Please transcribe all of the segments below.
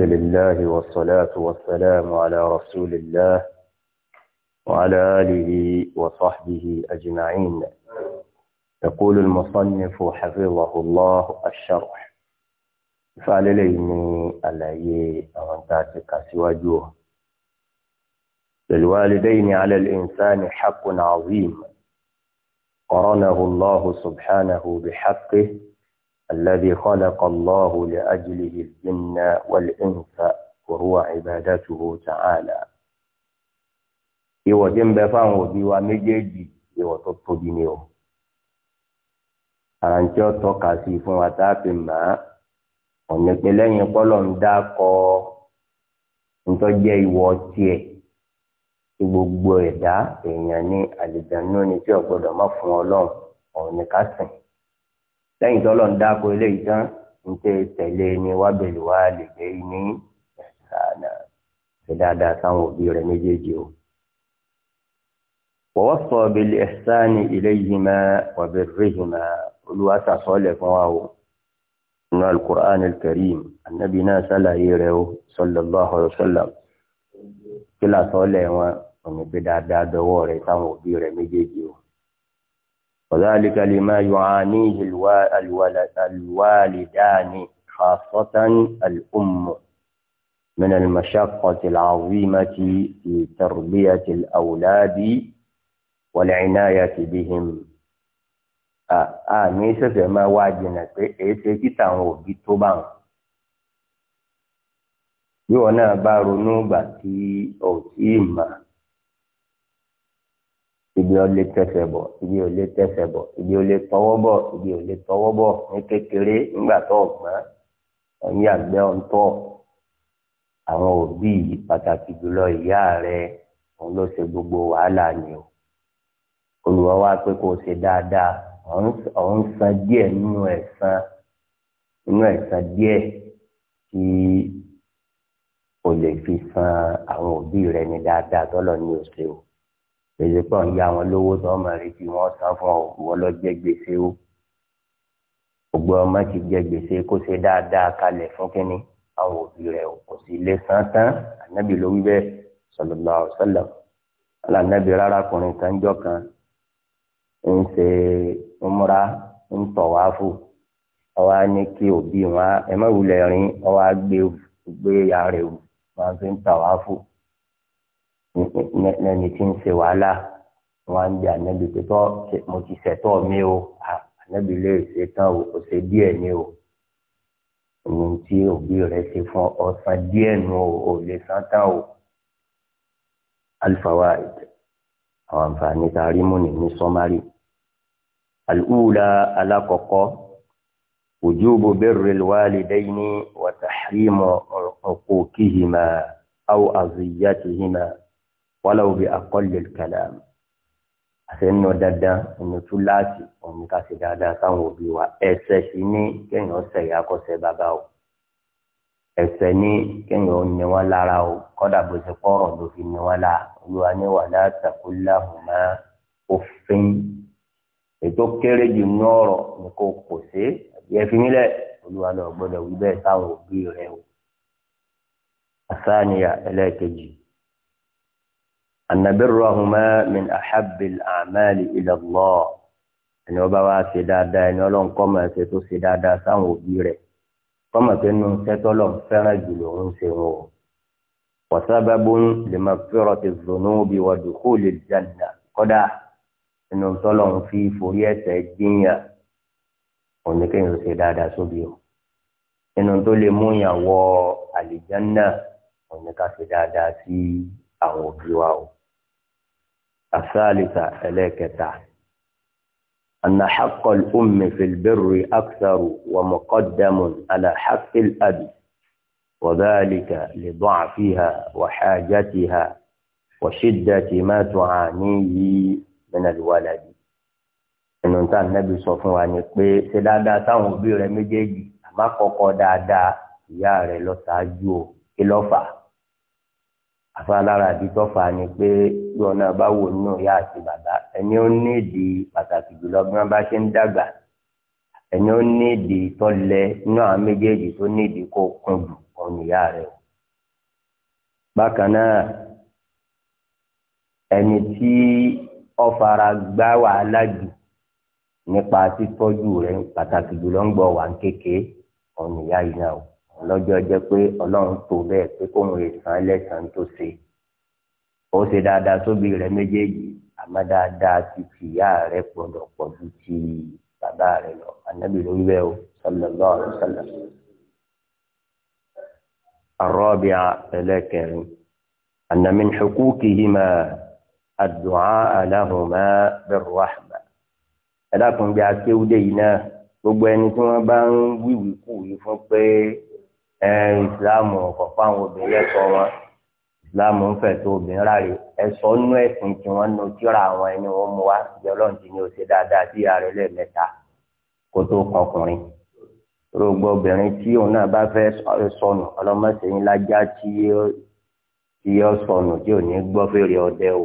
لله والصلاة والسلام على رسول الله وعلى آله وصحبه أجمعين يقول المصنف حفظه الله الشرح فعل ليني علي أمنتاتك سواجوه للوالدين على الإنسان حق عظيم قرنه الله سبحانه بحقه الذي خلق الله لأجله الجن والإنس وهو عبادته تعالى ìwọ̀ tí ń bẹ fáwọn òbí wa méjèèjì ìwọ̀ tó tóbi ni o àràǹtí ọ̀tọ̀ kà sí fún wa tá a fi mà á ọ̀nà pé lẹ́yìn pọ́lọ̀ ń dá kọ ntọ́jẹ́ ìwọ̀ tiẹ̀ tí gbogbo ẹ̀dá èèyàn ní àlìjánu ni tí ò má fún ọlọ́run ọ̀nà ká sìn lẹ́yìn tó lọ́n dáko eléyìí tán ń pè tẹ̀lé ni wábẹ̀lì wá lè gbé ní ẹ̀sánà ṣe dáadáa sáwọn òbí rẹ̀ méjèèjì o. wọ́wọ́ sọ bíi ẹ̀sánì ilé yìí mẹ́ wàbẹ̀rẹ̀ yìí mẹ́ olúwa sàsọ́ọ̀lẹ̀ fún wa o. nínú alukur'an karim anabi náà sàlàyé rẹ̀ o sallallahu alayhi wa kí làsọ́ọ̀lẹ̀ wọn òní pé dáadáa dọwọ́ rẹ̀ sáwọn òbí rẹ̀ méjèèjì o. وذلك لما يعانيه الوالدان خاصة الأم من المشقة العظيمة في تربية الأولاد والعناية بهم àmì ìṣẹ̀fẹ̀ máa wá jìnnà pé èyí ṣe kí tàwọn òbí tó bá wọn. bí wọn náà bá ronú gbà tí ò tí ì mà ibi ò lè tẹsẹ̀ bọ̀ ibi ò lè tẹsẹ̀ bọ̀ ibi ò lè tọwọ́ bọ̀ ibi ò lè tọwọ́ bọ̀ ní kékeré nígbà tó ọ̀gbọ́n ẹ̀yìn àgbẹ̀ ọ̀ńtọ̀ àwọn òbí pàtàkì jùlọ ìyá rẹ òun ló ṣe gbogbo wàhálà ni o olùwọ́ wa pé kó o ṣe dáadáa òun san díẹ̀ nínú ẹ̀san nínú ẹ̀san díẹ̀ tí o lè fi san àwọn òbí rẹ ní dáadáa tọ́lọ̀ ní òṣèlú èyí pọ̀ ń yá wọn lówó tó ọmọ rẹ tí wọ́n san fún ọ wọ́n lọ jẹ́ gbèsè o ògbọ́n ọmọ ti jẹ gbèsè kó ṣe dáadáa kalẹ̀ fún kínní àwọn òbí rẹ̀ kò sì lè san tán ànábì ló wí bẹ́ẹ̀ sallallahu alaihi wasallam ọ̀là ànábì rárá kùnrin kan jọ kan ń ṣe umra ń tọ̀ wá fò ọwọ́ á ní kí òbí wọn ẹ má wulẹ̀ rìn ọwọ́ á gbé gbé ya rẹ̀ wọn fi ń tọ̀ wá fò lẹ́ni tí ń ṣe wàhálà wọn ń bí ànábì pé tọ́ mo ti ṣẹ̀tọ́ mi o ànábì lè ṣe tán o kò ṣe díẹ̀ ni o ohun tí òbí rẹ ṣe fún ọ̀sán díẹ̀ nu o lè san tán o alifawa àwọn àǹfààní tá a rí mú ní ní sọmárì alùpùpù alákọ̀ọ́kọ́ wujubu birril walidayni wa tahrimu uquqihima aw aziyatihima walaw bi aqallil kalam àṣẹ ń nọ dandan ọ̀nà tún láti ọ̀nà ká ṣe dáadáa sáwọn òbí wa ẹsẹ̀ sí ní kéèyàn sẹ̀yà kọsẹ̀ bàbá o ẹsẹ̀ ní kéèyàn ní wọn lára o kọ́dà bó ṣe kọ́rọ̀ ló fi ní wọn lára olúwa ní wala taqul lahuma uffin ètò kéré jù ní ọ̀rọ̀ ní kò kò sí àbí ẹfi nílẹ̀ olúwa lọ gbọ́dọ̀ wí bẹ́ẹ̀ sáwọn òbí rẹ o. àṣà nìyà ẹlẹ́ẹ̀kejì. أن برهما من أحب الأعمال إلى الله ẹni ọba wa ṣe dáadáa ẹni ọlọ́run kọ́ máa ṣe tó ṣe dáadáa sáwọn òbí rẹ̀ kọ́ máa ṣe nu sẹ́tọ́lọ̀ fẹ́ràn jù lòun ṣe wọn o. wasababun limaghfirati dhunubi wa dukhulil janna kọ́dà ẹnu tọ́lọ̀ ń fi forí ẹ̀ṣẹ̀ jíyàn òní kéèyàn ṣe dáadáa sóbì o. ẹnu tó lè mú yàn àlìjánná òní ṣe dáadáa sí àwọn òbí wa o. الثالثة إليكتا أن حق الأم في البر أكثر ومقدم على حق الأب وذلك لضعفها وحاجتها وشدة ما تعانيه من الولد ẹnu tá a nẹbi sọ fún wa ni pé ṣe dáadáa táwọn òbí rẹ méjèèjì àmọ́ kọ́kọ́ dáadáa ìyá afálára àdìtọ́fà ni pé bí ọ̀nà bá wò nínú ìyá àti bàbá ẹni ó ní èdè pàtàkì jùlọ bí wọ́n bá ṣe ń dàgbà ẹni ó ní èdè tọ́lẹ̀ nínú àwọn méjèèjì tó ní èdè kó kún jù ọ̀nà ìyá rẹ̀ bákan náà ẹni tí ó fara gbá wàhálà jù nípa títọ́jú rẹ̀ pàtàkì jùlọ ń gbọ́ wà ń kéke ọ̀nà ìyá yìí náà lọ́jọ́ jẹ́ pé ọlọ́run tó bẹ́ẹ̀ pé kóun lè san ẹlẹ́sàn tó ṣe ó ṣe dáadáa sóbì rẹ méjèèjì àmọ́ dáadáa ti ti ìyá rẹ gbọ́dọ̀ pọ̀ ju ti bàbá rẹ lọ anábì ló ń bẹ́ o sallallahu alaihi wasallam. الرابعة لكن أن من حقوقهما الدعاء لهما بالرحمة ẹlẹ́kùn bí akéwúdé yìí náà gbogbo ẹni tí wọ́n bá ń wíwì kú yìí fún pé ẹ ìsìláàmù ọkọ̀ fáwọn obìnrin lẹ́kọ̀ọ́ wọn ìsìláàmù ń fẹ̀ tó obìnrin ráre ẹ̀sọ́ nú ẹ̀sìn tí wọ́n nu tíra àwọn ẹni wọn mú wá ìjọ ọlọ́run ti ní o ṣe dáadáa sí ààrẹ lẹ́ẹ̀mẹ́ta kó tó kọkùnrin rògbò obìnrin tí òun náà bá fẹ́ sọnù ọlọ́mọṣẹ́yìn lájá tí yọ sọnù tí ò ní gbọ́ fèrè ọdẹ o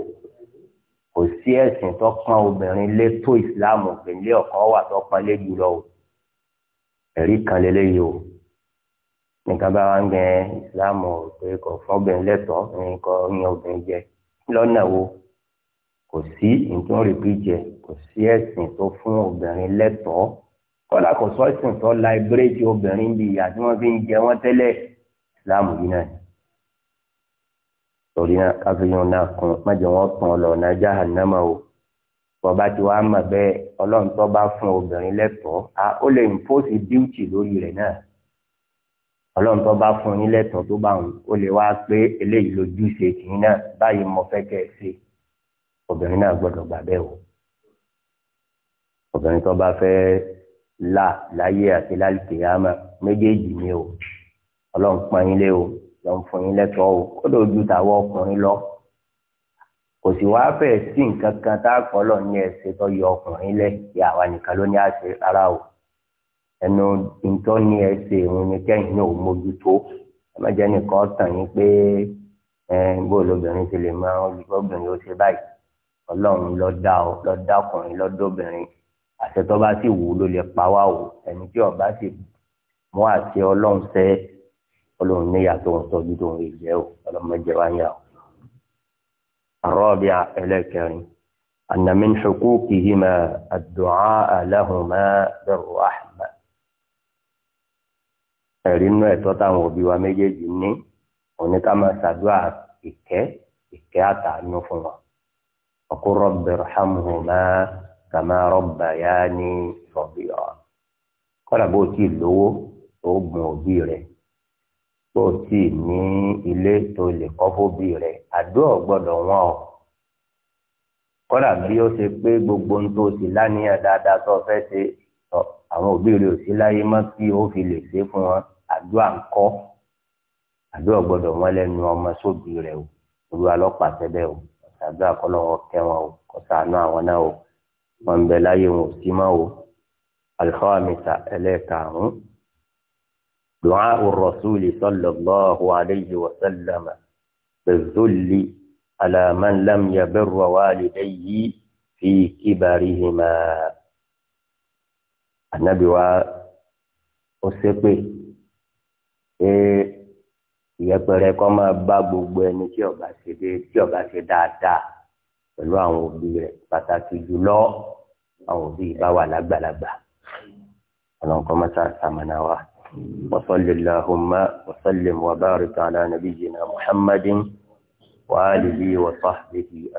kò sí ẹ̀sìn tó pọn obìnrin lé tó ìsìláàmù obìnrin lé ọ̀kan wà tó lé jùlọ o ẹ̀rí kan lélẹ́yìí o nìkan bá wà ń gbẹ ìsìláàmù pé kò fún obìnrin lẹ́tọ̀ọ́ ní kò yan obìnrin jẹ lọ́nà wo kò sí nǹkan rìpí jẹ kò sí ẹ̀sìn tó fún obìnrin lẹ́tọ̀ọ́ kọ́lá kò sọ ẹ̀sìn tó la ibréjì obìnrin bíi ìyá tí wọ́n fi ń jẹ wọ́n tẹ́lẹ̀ ìsìláàmù yìí náà torí náà káfíńyàn náà kún májẹ wọn tàn lọ náà jahannama o bọba tí wàá mọ̀ bẹ́ẹ̀ ọlọ́run tó bá fún obìnrin lẹ́tọ̀ọ́ ó lè impose duty lórí rẹ̀ náà ọlọ́run tó bá fún yín lẹ́tọ̀ọ́ tó bá wù ó lè wá pé eléyìí lójú ṣe tìyín náà báyìí mo fẹ́ kẹ́ ẹ ṣe obìnrin náà gbọ́dọ̀ gbà bẹ́ẹ̀ o obìnrin tó bá fẹ́ là láyé àti lálùkìyàmà méjèèjì ni o ọlọ́run pọ́n yín lé o lọ́n fún yín lẹ́tọ̀ọ́ o ó lè ojú tàwọn ọkùnrin lọ kò sì wá fẹ́ sí nǹkan kan tá a kọ́ lọ ní ẹsẹ̀ tó yọ ọkùnrin lẹ́ ìyá àwa nìkan ló ní àṣẹ rárá o ẹnu nǹkan ní ẹsẹ̀ ìrún ni kẹ́yìn náà ò mójútó ẹ̀mẹ́jẹ́ nìkan tàn yín pé bó lóbìnrin ti lè máa lóbìnrin ó ṣe báyìí ọlọ́run ló dá ọ bá sì wù ú ló lè pa wá o ẹni tí ọba sì mú àṣẹ ọlọ́run ṣẹ ọlọ́run níyà tó ń sọ́jú tó ń o ọlọ́mọdé wá ń yà o. الرابعة إلى أن من حقوقهما الدعاء لهما بالرحمة ẹ̀rí inú ẹ̀tọ́ táwọn òbí wa méjèèjì ní òní ká máa ṣàdúrà ìkẹ́ ìkẹ́ àtàánú fún wa ọkọ rabbi irhamhuma kama rabbayani saghira kọ́dà bó tí ì lówó tó gun òbí rẹ̀ bó tí ì ní ilé tó lè kọ́ fóbí rẹ̀ àdúrà gbọ́dọ̀ wọn o kọ́dà bí ó ṣe pé gbogbo ń tó sì lánìyàn dáadáa tó fẹ́ ṣe àwọn òbí rẹ̀ ò sí láyé mọ́ kí ó fi lè ṣe fún wọn àdúrà ńkọ́ àdúrà gbọ́dọ̀ wọn lẹ́nu ọmọ sóbì rẹ̀ o olúwa lọ́pàá tẹ́lẹ̀ o ọ̀sẹ̀ àdúrà kọ́ lọ́wọ́ kẹ́ wọn o kọ́sà àánú àwọn náà o wọn ń bẹ láyé wọn ò sí mọ́ o alifáwàmísà ẹlẹ́ẹ̀karùn-ún dùnà rọ̀súlì sallallahu alayhi wa sallam bẹ̀zọ́lì alàmánlám yabẹ́rù wàlídẹ́yìí fi kíbarihìmá anabiwa ó ṣépè pé ìyẹpẹrẹ kọ́ máa bá gbogbo ẹni tí ọba ṣe dé tí ọba ṣe dáadáa pẹ̀lú àwọn òbí rẹ̀ pàtàkì jùlọ àwọn òbí bá wà lágbàlagbà ọlọ́run kọ́ máa sàmànà wa wasalli allahumma wasallim wa barika ala nabiyyina muhammadin wa alihi